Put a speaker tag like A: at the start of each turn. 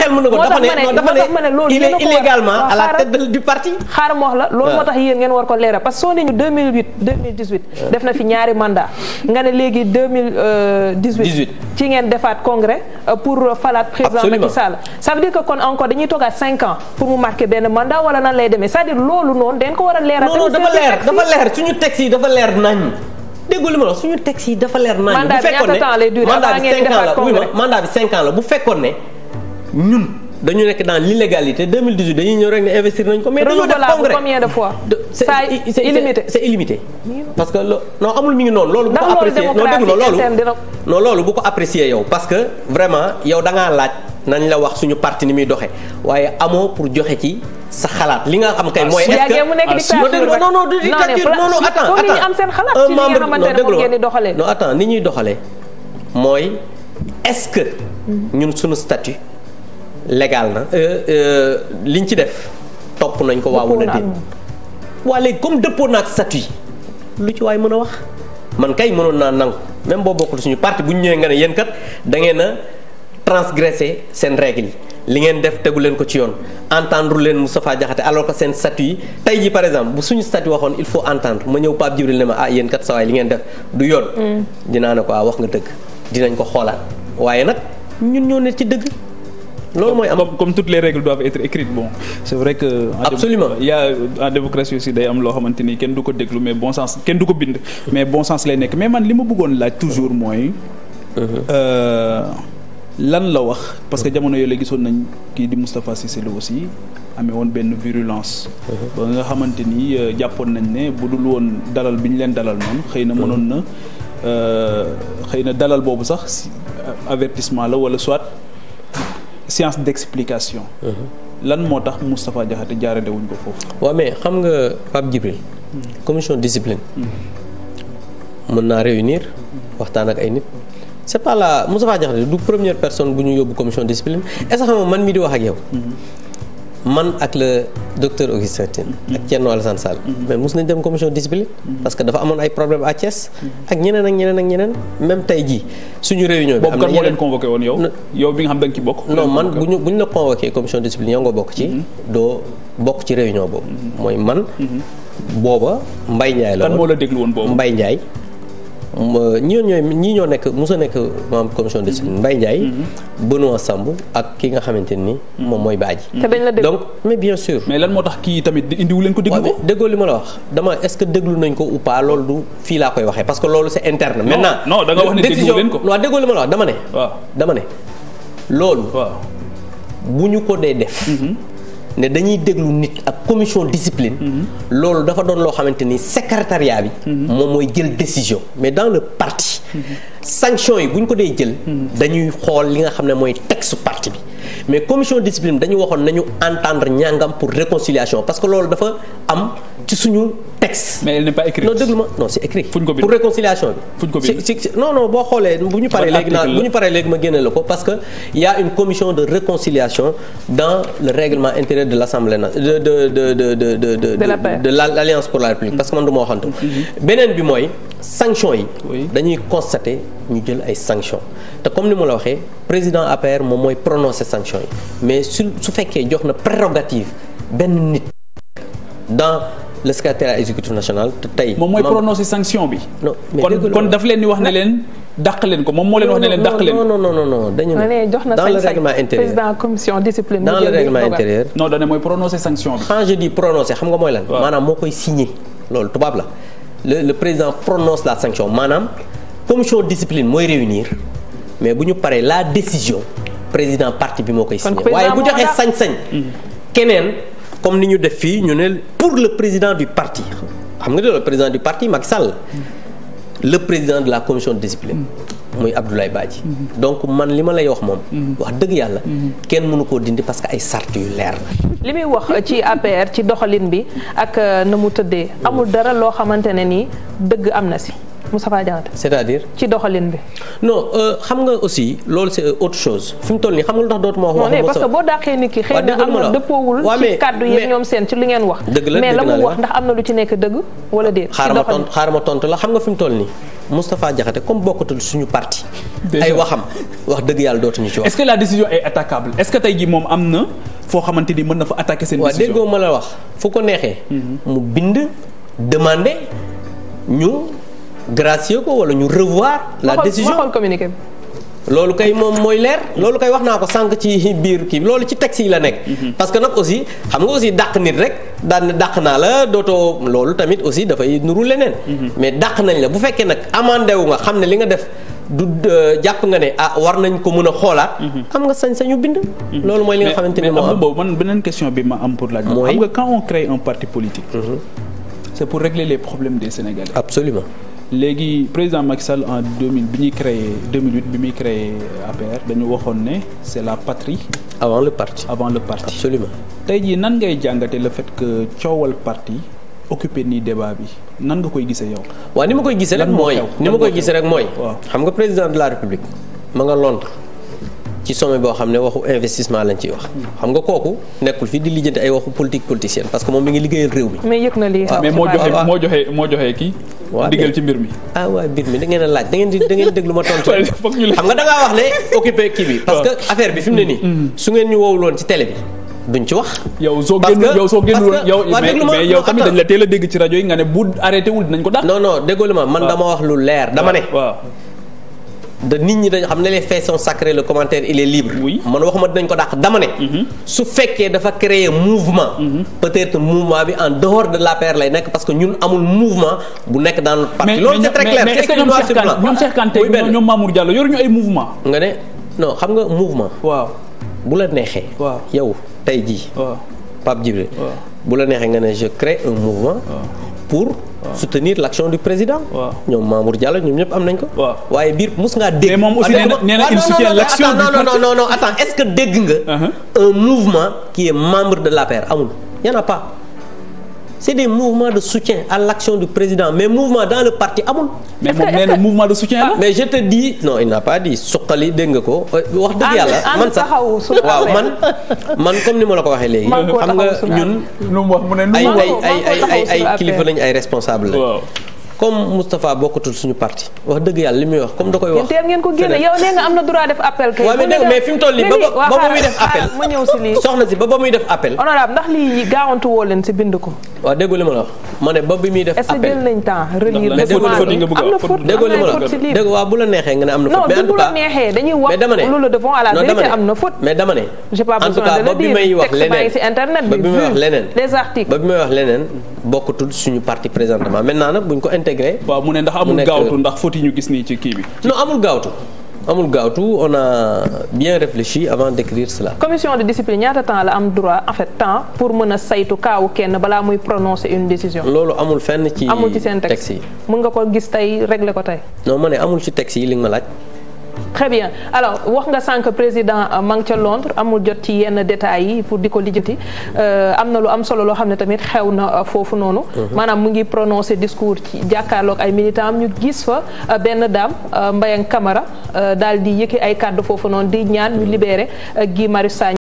A: xel mën na ko dafa ne dafa ne loolu il est illégalement à la tête du parti. xaaral ma wax la loolu ah. moo tax yéen ko leeral ah. euh, euh, pour euh, falaat président Macky Sall. ça veut dire que kon encore dañuy toogaat 5 ans pour mu nan lay demee c'est-à-dire loolu noonu dañ ko war a leeral. non non dafa leer dafa leer suñu
B: texte yi dafa leer nañ. déggoo li ma suñu texte yi dafa leer nañ. bu fekkoon ne mandat bi ñaata bu fekkoon ne. ñun dañu nekk dans l'illégalité 2018 dañuy ñëw rek ne investir nañ ko. mais dañoo def congrès de fois. c'est c'est illimité parce que non amul mi ngi noonu. loolu bu ko apprécier non dégg loolu. non loolu bu ko apprécier yow parce que vraiment yow dangaa laaj nañ la wax suñu parti ni muy doxee waaye amoo pour joxe ci sa xalaat li nga am kay. mooy est-ce que ah, non non non du dictature non non attends attends un membre non non doxalee mooy est-ce que ñun suñu statut. légal na euh, euh, liñ ci def topp nañ ko waawoon a déet waa léegi comme dëppoo naag statut lu ci waay mën a wax man kay mënoon naa nangu même boo bokkul suñu parti bu ñu ñëwee nga ne yéen kat da ngeen a transgressé seen règle yi li ngeen def tegu leen ko ci yoon entendre leen Moustapha Diakhaté alors que seen statut yi tey jii par exemple bu suñu statut waxoon il faut entendre ma ñëw Pape Djibril ne ma ah yéen kat li ngeen def du yoon. Mm. dinaa ne ko ah wax nga dëgg dinañ ko xoolaat waaye nag ñun dëgg.
C: loolu mooy am comme comme toutes les règles doivent être écrites bon c'est vrai que. en démocratie aussi day am loo xamante ni kenn du ko déglu mais bon sens kenn du ko bind. mais bon sens lay nekk mais man li ma bëggoon laaj toujours mooy. Uh-huh. Euh, lan la wax parce que jamono yooyu la gisoon nañ kii di Moustapha Cissé Lo aussi amee woon benn virulence. Uh-huh. ba nga xamante ni euh, jàppoon nañ ne bu dul woon dalal bi ñu leen dalal noonu. xëy na uh-huh. mënoon na euh, xëy na dalal boobu sax avertissement la wala soit. science d'explication. lan moo tax Moustapha Diakhaté jaarale wuñ ko foofu. waaw mais xam nga
B: Pape Djibril. commission discipline. mën naa réunir. waxtaan ak ay nit. c'est pas la Moustapha Diakhaté du première personne bu ñu yóbbu commission discipline est-ce que xam man mi di wax ak yow. man ak le docteur Augustin Tine mm-hmm. ak Thierno Alassane Sall mm-hmm. mais mos nañ dem commission discipline mm-hmm. parce que dafa amoon ay problème à Thiès ak ñeneen ak ñeneen ak ñeneen même tey jii
C: suñu réunion bi boobu kan moo leen convoqué woon yow yow bi nga xam da nga ci bokk non man bu ñu
B: bu ñu commission discipline yow bokk ci doo bokk ci réunion boobu mooy man booba Mbaye Ndiaye la woon kan moo la
C: déglu woon boobu Mbaye
B: Ndiaye ñoo ñooy ñoo nekk mos a nekk membre commission de discipline Mbaye Ndiaye. Mm-hmm. Benoît Samb ak ki nga xamante ni. Mm-hmm. moom mooy Badji. te bañ la déglu donc mais bien sûr.
C: mais lan moo tax kii tamit indiwu leen ko déglu ko. déggoo
B: li ma la wax dama est-ce que déglu nañ ko ou loolu du fii laa koy waxee parce que loolu c'est interne. maintenant non da nga wax ne déglu leen ne. waaw dama loolu. waaw ñu ko dee def. Mm-hmm. ne dañuy déglu nit ak commission discipline. Mhm. loolu dafa doon loo xamante ni secrétariat bi. Mhm. moom mooy jël décision mais dans le parti. Mhm. sanction yi bu ñu ko dee jël. dañuy xool li nga xam ne mooy texte parti bi. mais commission discipline dañu waxoon nañu entendre ñàngam pour réconciliation parce que loolu dafa am ci suñu texte. mais il n'est pas écrit. ma non c'est écrit. ko bind pour réconciliation bi. fuñ ko non non boo xoolee. bu ñu paree léegi naa bu ñu paree léegi ma génne la ko parce que y a une commission de réconciliation dans le règlement intérieur de la paix l'Alliance pour la République. parce que man du waxantu. Mhm. beneen bi mooy sanctions yi. dañuy constater ñu jël ay sanctions te comme ni ma la waxee président APR moom mooy prononcer sanctions. mais su su fekkee jox na prérogative benn nit dans
C: le secrétaire exécutif national te tey. moom mooy prononcer sanction bi. non kon kon leen ni wax ne leen. dàq leen ko moom moo leen wax ne leen dàq leen. non non non non na dans le règlement intérieur président
A: commission discipline. dans le règlement intérieur.
C: non dañu ne mooy prononcer sanction bi. quand je dis prononcer xam nga mooy lan. maanaam moo
B: koy signer loolu tubaab la le le président prononce la sanction maanaam commission discipline mooy réunir mais bu ñu paree la décision. président parti bi moo koy signé waaye bu joxee sañ-sañ mm. keneen comme ni ñu def fii ñu ne pour le président du parti xam nga loolu président du parti Macky Sall le président de la commission de discipline mm. muy Abdoulaye Badji mm-hmm. donc man li ma lay wax moom mm-hmm. wax dëgg yàlla mm-hmm. kenn mënu koo dindi parce que ay sart yu leer la
A: li muy wax ci APR ci doxalin bi ak euh, na mu tëddee amul dara loo xamante ne nii dëgg am na si Moustapha Diakhaté
B: c'est-à-dire ci doxalin bi. non euh, xam nga aussi loolu c'est autre chose fi mu toll nii xam nga lu tax dootuma wax. wax non parce que
A: boo dàqee nit ki xëy na am na dëppoowul ci kàddu yi ñoom seen ci wax. dëgg la la mu wax am na lu nekk dëgg wala déet. ci doxalin
B: xaaral ma la xam nga fi mu toll nii Moustapha Diakhaté comme bokkatul
C: suñu parti. ay waxam wax dëgg yàlla dootuñu ci wax. est-ce que la décision est attaquable est-ce que moom am na foo xamante ni mën na fa attaquer seen décision waaw déggoo ma la wax fu ko neexee.
B: Mhm. mu bind demander ñu gracier ko wala ñu revoir. la décision ma xool loolu kay moom mooy leer loolu kay wax naa ko sànq ci biir kii loolu ci texte yi la nekk. Mhm. parce que nag aussi xam nga aussi dàq nit rek daan dàq naa la dootoo loolu tamit aussi dafay nuru leneen. Mhm. mais dàq nañ la bu fekkee nag amandé wu nga xam ne li nga def. du euh, jàpp nga ne ah war nañ ko mën a xoolaat. Mhm. am nga sañ-sañu bind. loolu mooy li nga xamante ne moo am boobu
C: man beneen question bi ma am pour la. mooy xam nga quand on crée un parti politique. c'est pour régler les problèmes des léegi président Macky Sall en mille bi ñuy créé 2008 bi muy créé APR dañu waxoon ne c'est la patrie. avant le parti avant le parti. absolument tey jii nan ngay jàngate le fait que coowal parti occupé nii débat bi nan nga koy gisee yow.
B: waa ni ma koy gisee rek mooy ni ma koy gisee rek mooy. xam nga président de la république ma nga Londres. ci sommet boo xam ne waxu investissement lañ ciy wax. xam nga kooku nekkul fii di lijjanti ay waxu politique politicienne parce que moom mi ngi liggéeyal réew mi.
A: mais yëg na moo ah, joxe ah, ah.
B: moo joxe moo joxe kii. diggal ci mbir mi ah waaw mbir mi dangeen a laaj da ngeen di da ngeen déglu ma tontu xam nga da ngaa wax ne occupé kii bi parce que affaire bi fi mu ne nii mm-hmm. Mm-hmm. su ngeen ñu
C: woowuloon ci télé bi duñ ci wax. yow soo génn yow soo génn yow mais yow tamit dañ la teel a dégg ci rajo yi nga ne bu arrêté wul dinañ ko dàq. non non déggoo ma man dama wax lu leer dama ne.
B: da nit ñi dañu xam ne les faits sont sacrés le commentaire il est libre. oui man waxuma dinañ ko dàq dama ne. Mhm. su fekkee dafa créer mouvement. Mhm. peut-être mouvement bi en de dehors de l'APR
C: lay nekk parce que ñun amul mouvement bu nekk dans notre parti. loolu c'est très clair est-ce que ñoom Cheikh Kanté ñoom Cheikh Kanté ñoom Mamour ay mouvement.
B: nga ne non xam nga mouvement. waaw bu la neexee. waaw yow tey jii. waaw Pape bu la neexee nga ne je crée un mouvement. pour. soutenir l'action du président. ñoom Mamour Diallo ñoom ñëpp am nañ ko. waaye biir mos ngaa dégg. mais moom aussi nee na il soutient l'action du parti. non non non attends est-ce que dégg nga. Uh-huh. un mouvement qui est membre de l'APR amul y en a c'est des mouvements de soutien à l'action du président mais mouvement dans le parti amul. mais moom nee na mouvement de soutien la. Ah, mais je te dis non il n'a pas dit suqali dégg nga ko. wax dëgg yàlla man sax waaw man man comme ni ma la ko waxee léegi. xam nga ñun. lu mu
C: wax mu ne ay ay ay
A: ay kilifa lañ
B: ay responsable la. comme Moustapha bokkatul suñu parti wax dëgg yàlla li muy wax comme da koy wax. ngeen ko génne yow
A: nee nga am na droit def appel. kay mais fi toll lii ba
B: ba muy def appel. honorable
A: ndax lii gaawantu woo leen si bind ko.
B: waaw déggu li ma la wax ma ne ba bi muy def. appel est-ce que jël
A: nañ ne am na faute.
B: mais en ne non ba bi may wax leneen ba bi may wax leneen bokkatul suñu nag buñ ko intégré. waaw mu ne ndax amul gaawtu
C: ndax foti ñu gis nii ci kii bi.
B: non amul gaawtu amul gaawtu on a bien réfléchi avant d'écrire cela.
C: commission
A: de discipline ñaata temps la am droit en fait temps pour mën a saytu kaawu kenn balaa muy prononcer une décision.
B: loolu amul fenn ci. amul ci seen texte yi.
A: mën nga ko gis tey régler ko tey.
B: non ma ne amul ci texte yi li nga ma laaj.
A: très bien alors wax nga sànq président euh, ma ngi ca Londres amul jot ci yenn détails yi pour di ko lijjanti euh, am na lu am solo loo xam ne tamit xew na euh, foofu noonu. Mhm. maanaam mu ngi prononcer discours ci jàkkaarloog ay militants am ñu gis fa benn daam Mbayang Camara daal di yëkki ay kàddu foofu noonu di ñaan ñu libéré Guy Marius Sagna